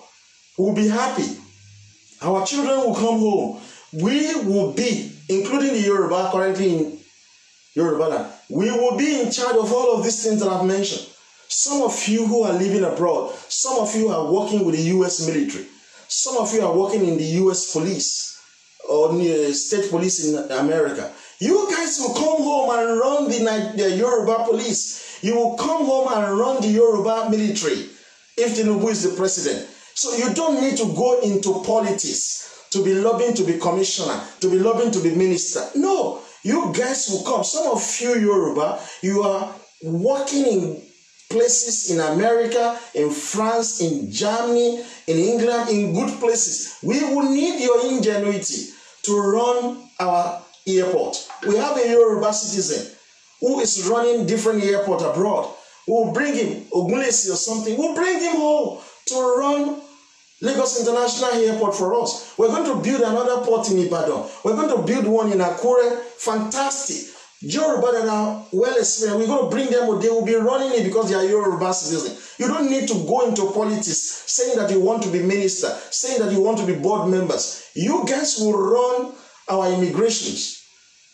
We'll be happy. Our children will come home we will be, including the Yoruba currently in Yoruba land, we will be in charge of all of these things that I've mentioned. Some of you who are living abroad, some of you are working with the US military, some of you are working in the US police or uh, state police in America. You guys will come home and run the, the Yoruba police. You will come home and run the Yoruba military if Tinubu is the president. So you don't need to go into politics to be lobbying to be commissioner, to be lobbying to be minister. No, you guys will come. Some of you Yoruba, you are working in places in America, in France, in Germany, in England, in good places. We will need your ingenuity to run our airport. We have a Yoruba citizen who is running different airport abroad. We'll bring him, Ogunlesi or something, we'll bring him home to run Lagos International Airport for us. We're going to build another port in Ibadan. We're going to build one in Akure. Fantastic. Yoruba that are well experienced, we're going to bring them, they will be running it because they are Yoruba citizens. You don't need to go into politics saying that you want to be minister, saying that you want to be board members. You guys will run our immigrations.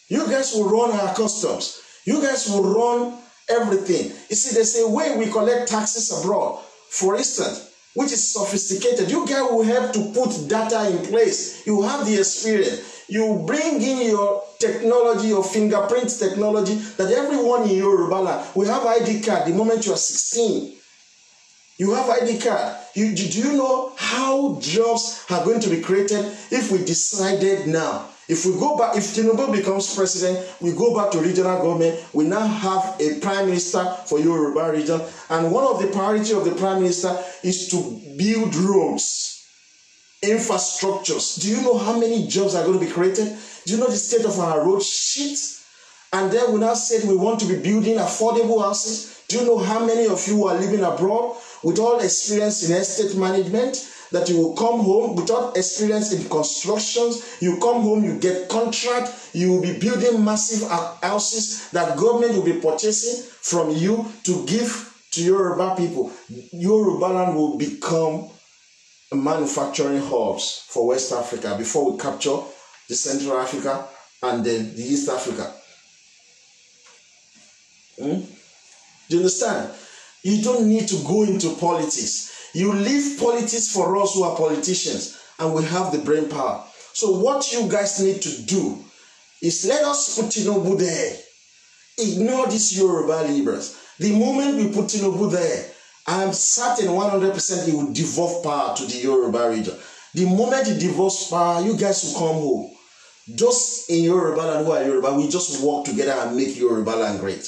You guys will run our customs. You guys will run everything. You see, there's a way we collect taxes abroad. For instance, which is sophisticated. You guys will help to put data in place. You have the experience. You bring in your technology, your fingerprint technology, that everyone in Yoruba land will have ID card the moment you are 16. You have ID card. You, do you know how jobs are going to be created if we decided now If we go back, if Tinubu becomes president, we go back to regional government. We now have a prime minister for Yoruba region, and one of the priority of the prime minister is to build roads, infrastructures. Do you know how many jobs are going to be created? Do you know the state of our road sheet? And then we now said we want to be building affordable houses. Do you know how many of you are living abroad with all experience in estate management? that you will come home without experience in constructions. You come home, you get contract, you will be building massive houses that government will be purchasing from you to give to Yoruba people. Yoruba land will become manufacturing hubs for West Africa before we capture the Central Africa and then the East Africa. Hmm? Do you understand? You don't need to go into politics. You leave politics for us who are politicians and we have the brain power. So what you guys need to do is let us put Tinubu there. Ignore these Yoruba liberals. The moment we put Tinubu there, I am certain 100% he will devolve power to the Yoruba region. The moment he devolves power, you guys will come home. Just in Yoruba and who are Yoruba, we just work together and make Yoruba land great.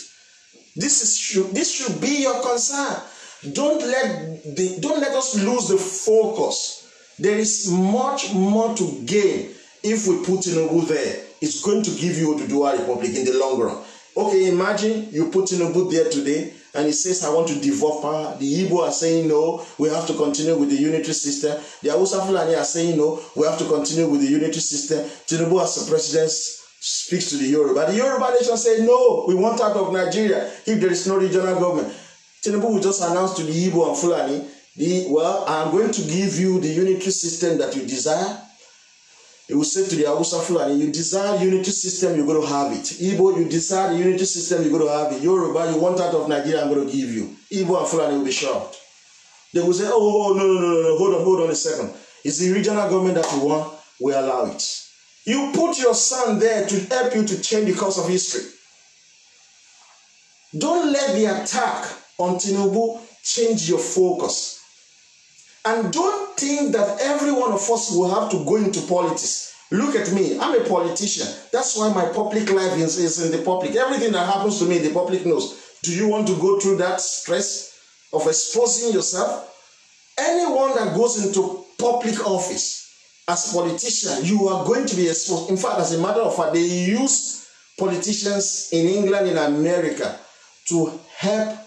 This, is, this should be your concern. Don't let the, don't let us lose the focus. There is much more to gain if we put Tinubu there. It's going to give you Oduduwa Republic in the long run. Okay, imagine you put Tinubu there today and he says, I want to devolve power. The Igbo are saying no, we have to continue with the unitary system. The Hausa Fulani are saying no, we have to continue with the unitary system. Tinubu as the president speaks to the Yoruba. The Yoruba nation say no, we want out of Nigeria if there is no regional government. Tinubu will just announce to the Igbo and Fulani, the, well, I'm going to give you the unitary system that you desire. He will say to the Hausa Fulani, you desire unitary system, you're going to have it. Igbo, you desire the unitary system, you're going to have it. Yoruba, you want out of Nigeria, I'm going to give you. Igbo and Fulani will be shocked. They will say, oh, oh, oh no, no, no, no, hold on, hold on a second. Is the regional government that you want, we allow it. You put your son there to help you to change the course of history. Don't let the attack on Tinubu, change your focus. And don't think that every one of us will have to go into politics. Look at me, I'm a politician. That's why my public life is, is in the public. Everything that happens to me, the public knows. Do you want to go through that stress of exposing yourself? Anyone that goes into public office as politician, you are going to be exposed. In fact, as a matter of fact, they use politicians in England, in America, to help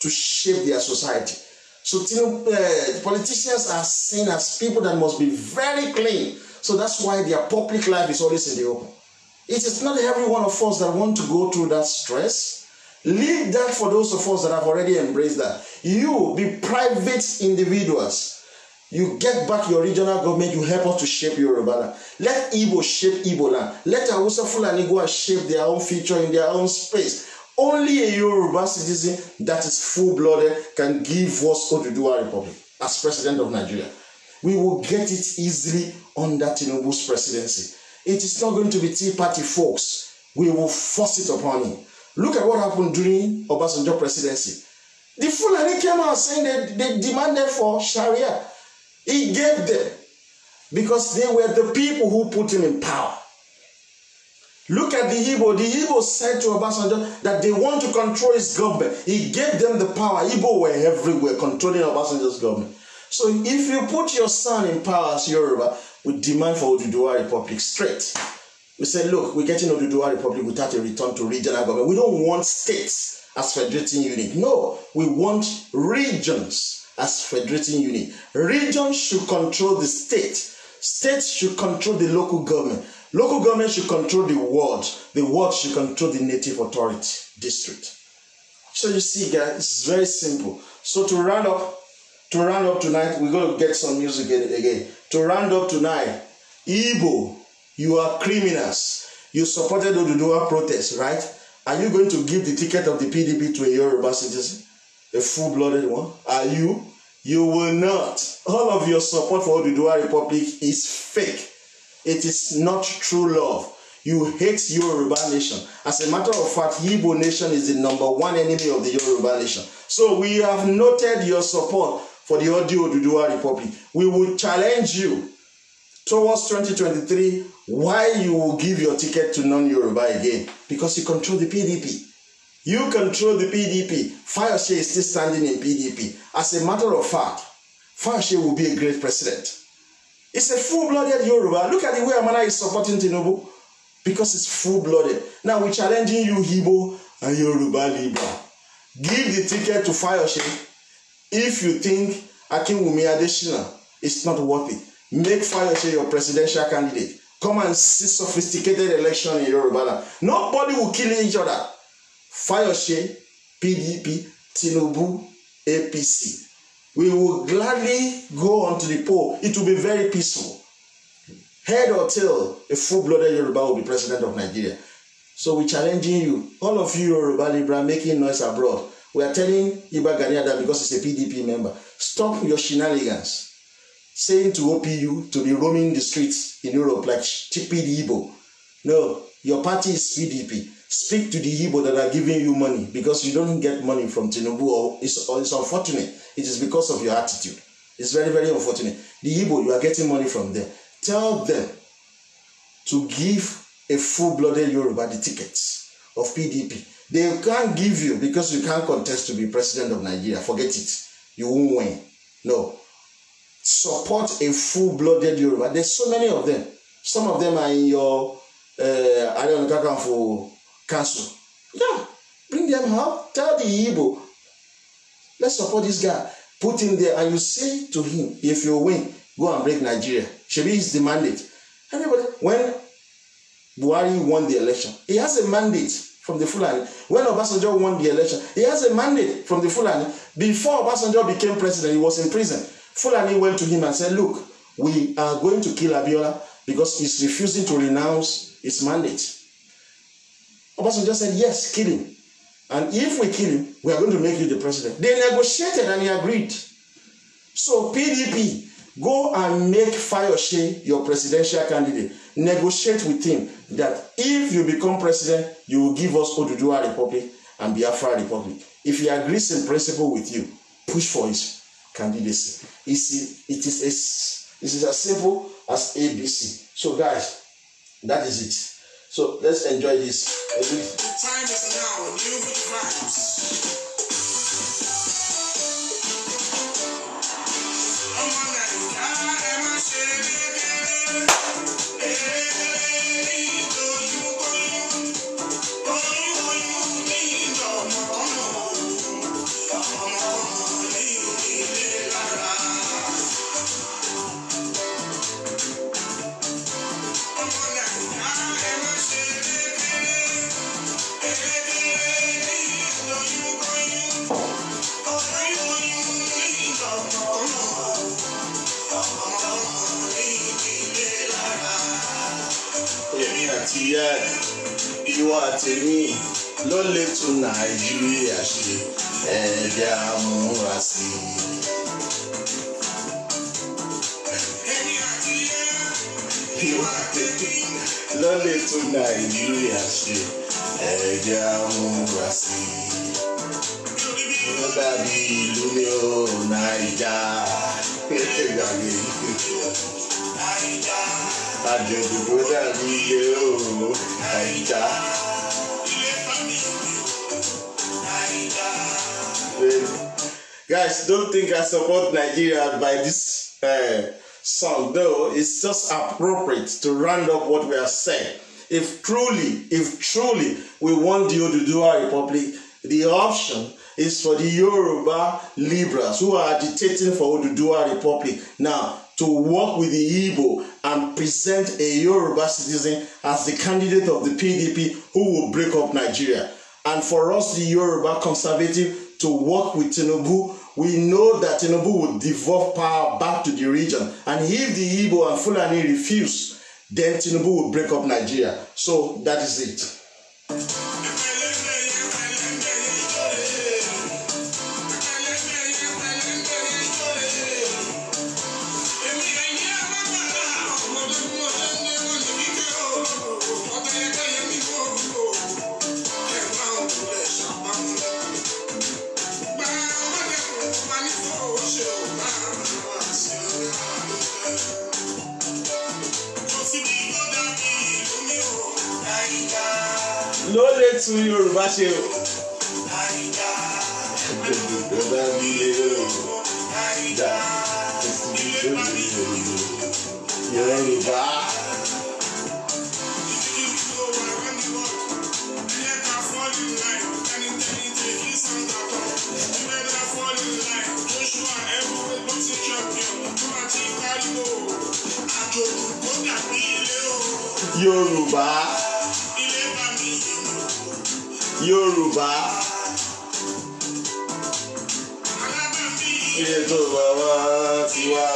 to shape their society. So uh, politicians are seen as people that must be very clean. So that's why their public life is always in the open. It is not every one of us that want to go through that stress. Leave that for those of us that have already embraced that. You be private individuals. You get back your regional government, you help us to shape Yoruba Let Igbo shape Igbo land. Let Hausa Fulani go and shape their own future in their own space. Only a Yoruba citizen that is full-blooded can give us Oduduwa Republic as president of Nigeria. We will get it easily under Tinubu's presidency. It is not going to be Tea Party folks. We will force it upon him. Look at what happened during Obasanjo presidency. The Fulani came out saying they, they demanded for Sharia. He gave them because they were the people who put him in power. Look at the Igbo. The Igbo said to Obasanjo that they want to control his government. He gave them the power. Igbo were everywhere controlling Obasanjo's government. So if you put your son in power as Yoruba, we demand for Oduduwa Republic straight. We said, look, we're getting Oduduwa Republic without a return to regional government. We don't want states as federating unit. No, we want regions as federating unit. Regions should control the state. States should control the local government. Local government should control the ward. The ward should control the native authority district. So you see, guys, it's very simple. So to round up, to round up tonight, we're going to get some music again. To round up tonight, Igbo, you are criminals. You supported the Oduduwa protest, right? Are you going to give the ticket of the PDP to a Yoruba citizen, a full-blooded one? Are you? You will not. All of your support for the Oduduwa Republic is fake. It is not true love. You hate Yoruba nation. As a matter of fact, Igbo nation is the number one enemy of the Yoruba nation. So we have noted your support for the Audio Dudua Republic. We will challenge you towards 2023 why you will give your ticket to non-Yoruba again. Because you control the PDP. You control the PDP. Fashie is still standing in PDP. As a matter of fact, Fashie will be a great president. It's a full-blooded Yoruba. Look at the way Amana is supporting Tinubu because it's full-blooded. Now we're challenging you, Igbo and Yoruba Libra. Give the ticket to Fayose if you think Akinwumi Adeshina is not worthy, it. Make Fayose your presidential candidate. Come and see sophisticated election in Yoruba Nobody will kill each other. Fayose, PDP, Tinubu, APC we will gladly go unto the poll. It will be very peaceful. Head or tail, a full-blooded Yoruba will be president of Nigeria. So we're challenging you, all of you Yoruba Libra making noise abroad. We are telling Iba Ganiada because he's a PDP member, stop your shenanigans. Saying to OPU to be roaming the streets in Europe like TPD Igbo. No, your party is PDP. Speak to the Igbo that are giving you money because you don't get money from Tinubu or it's, or it's unfortunate. It is because of your attitude. It's very, very unfortunate. The Igbo, you are getting money from them. Tell them to give a full-blooded Yoruba the tickets of PDP. They can't give you because you can't contest to be president of Nigeria. Forget it. You won't win. No. Support a full-blooded Yoruba. There's so many of them. Some of them are in your uh, Areonakakanfo Council. Yeah, bring them help. Tell the Igbo, let's support this guy. Put him there, and you say to him, if you win, go and break Nigeria. Shebi is the mandate. Everybody, when Buhari won the election, he has a mandate from the Fulani. When Obasanjo won the election, he has a mandate from the Fulani. Before Obasanjo became president, he was in prison. Fulani went to him and said, look, we are going to kill Abiola because he's refusing to renounce his mandate. Obasanjo said, yes, kill him. And if we kill him, we are going to make you the president. They negotiated and he agreed. So PDP, go and make Fayoshe your presidential candidate. Negotiate with him that if you become president, you will give us Oduduwa Republic and Biafra Republic. If he agrees in principle with you, push for his candidacy. It's, it is as, it is as simple as ABC. So guys, that is it. So let's enjoy this. àti yard ìwọ àtẹ̀mí ló lè tún nàìjíríà ṣe ẹ̀ẹ́dẹ́ amúra sí i. ìwọ àtẹ̀mí ló lè tún nàìjíríà ṣe ẹ̀ẹ́dẹ́ amúra sí i. ló dàbí ìlú ní o nàìjà. nàìjà àjọ̀dún tó dàbí ilé òòrùn Guys, don't think I support Nigeria by this uh, song, though. It's just appropriate to round up what we are saying. If truly, if truly we want the to republic, the option is for the Yoruba liberals who are agitating for Oduduwa Republic. Now, to work with the Igbo and present a Yoruba citizen as the candidate of the PDP who will break up Nigeria. And for us, the Yoruba conservative, to work with Tinubu, we know that Tinubu will devolve power back to the region. And if the Igbo and Fulani refuse, then Tinubu will break up Nigeria. So that is it. tún Yorùbá ṣe o. Yorùbá. Yorùbá. Yorùbá. ilé tó bá wá ti wá.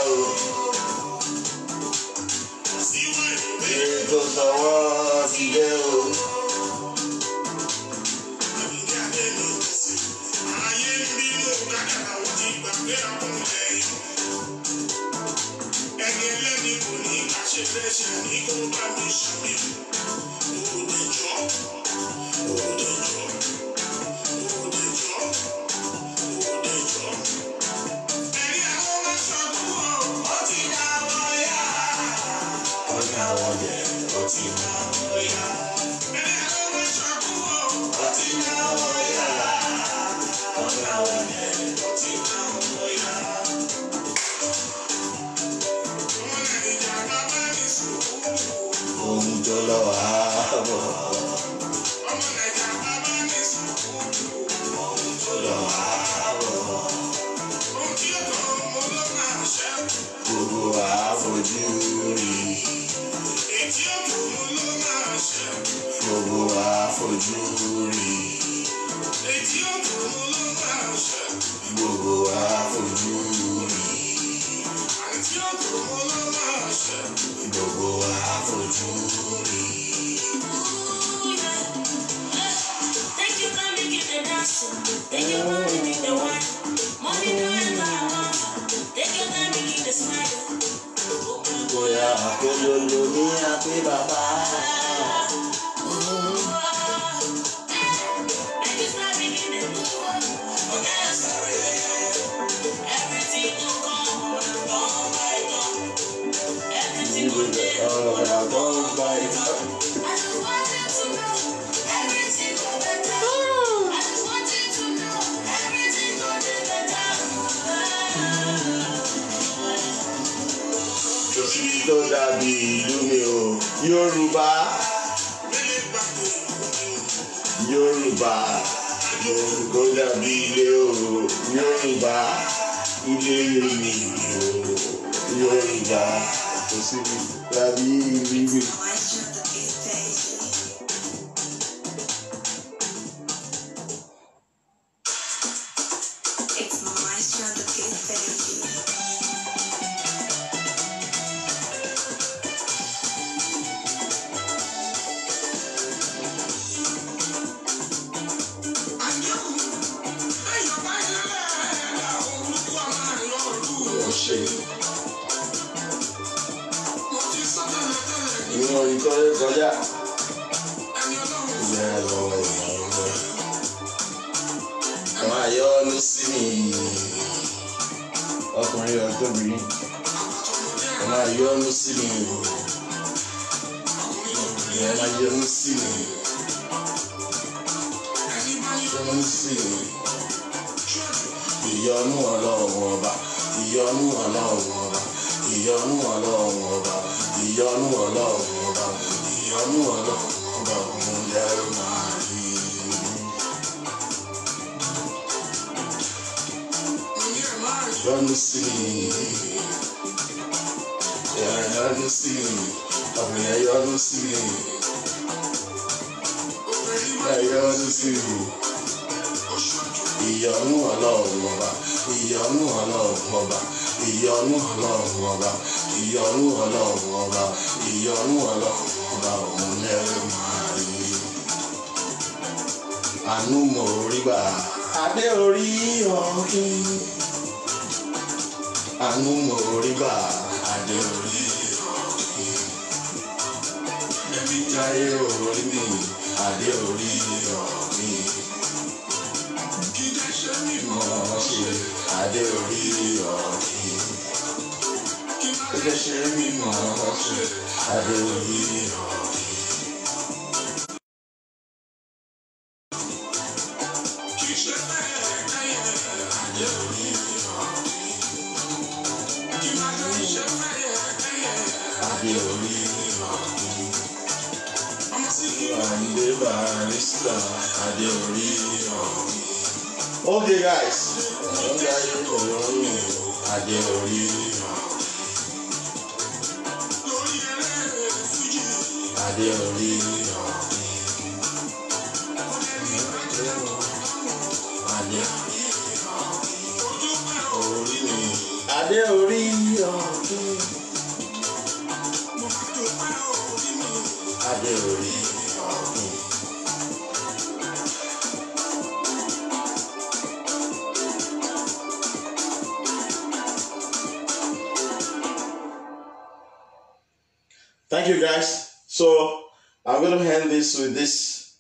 see. Yeah, I don't see. I mean, I don't see. I just see. Ìyọnú Ọlọ́run ọba, ìyọnú Ọlọ́run ọba, ìyọnú Ọlọ́run ọba, ìyọnú Ọlọ́run ọba, ìyọnú Ọlọ́run ọba òun lẹ́rù máa rí. Àánú mọ̀ orí gbà. Adé orí ọ̀hún kí. àánú mo rí bá àdé orí. ẹbí jáyé orí mi àdé orí ọ̀mí. kíkẹ́ ṣe mi mọ̀ ọ́ ṣe àdé orí ọ̀mí. kíkẹ́ ṣe mi mọ̀ ọ́ ṣe àdé orí ọ̀mí. adé orí adé orí. this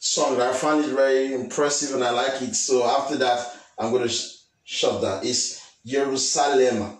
song I find it very impressive and I like it. So after that, I'm going to sh- shut that. It's Jerusalem.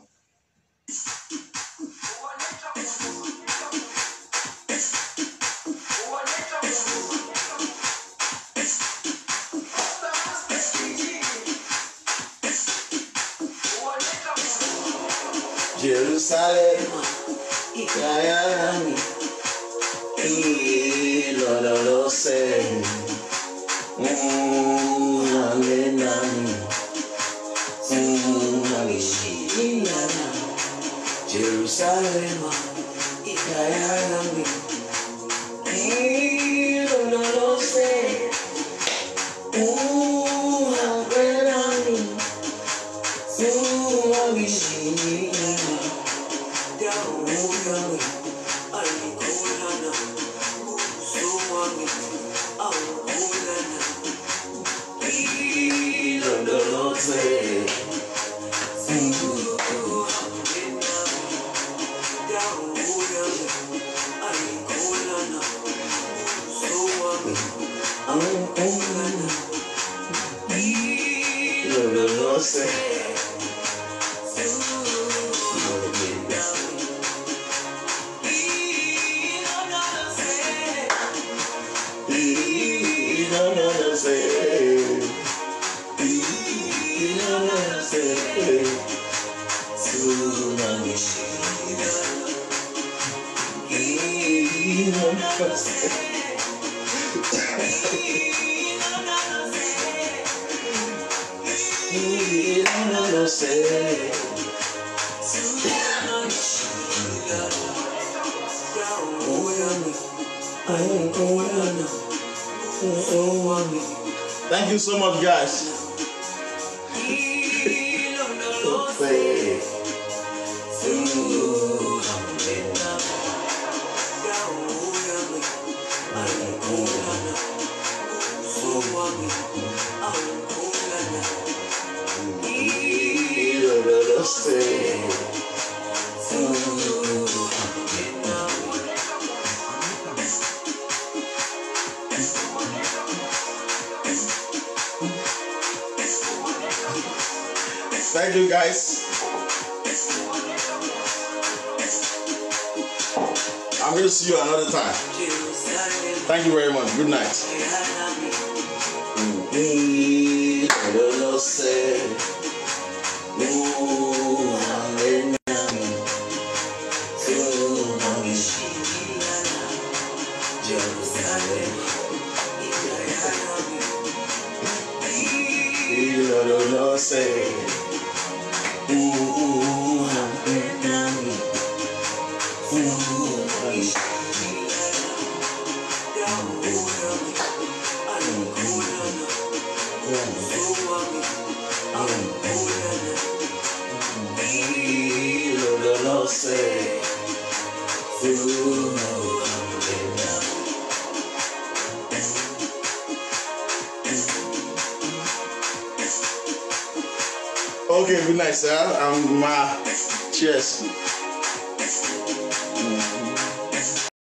Thank you so much, guys.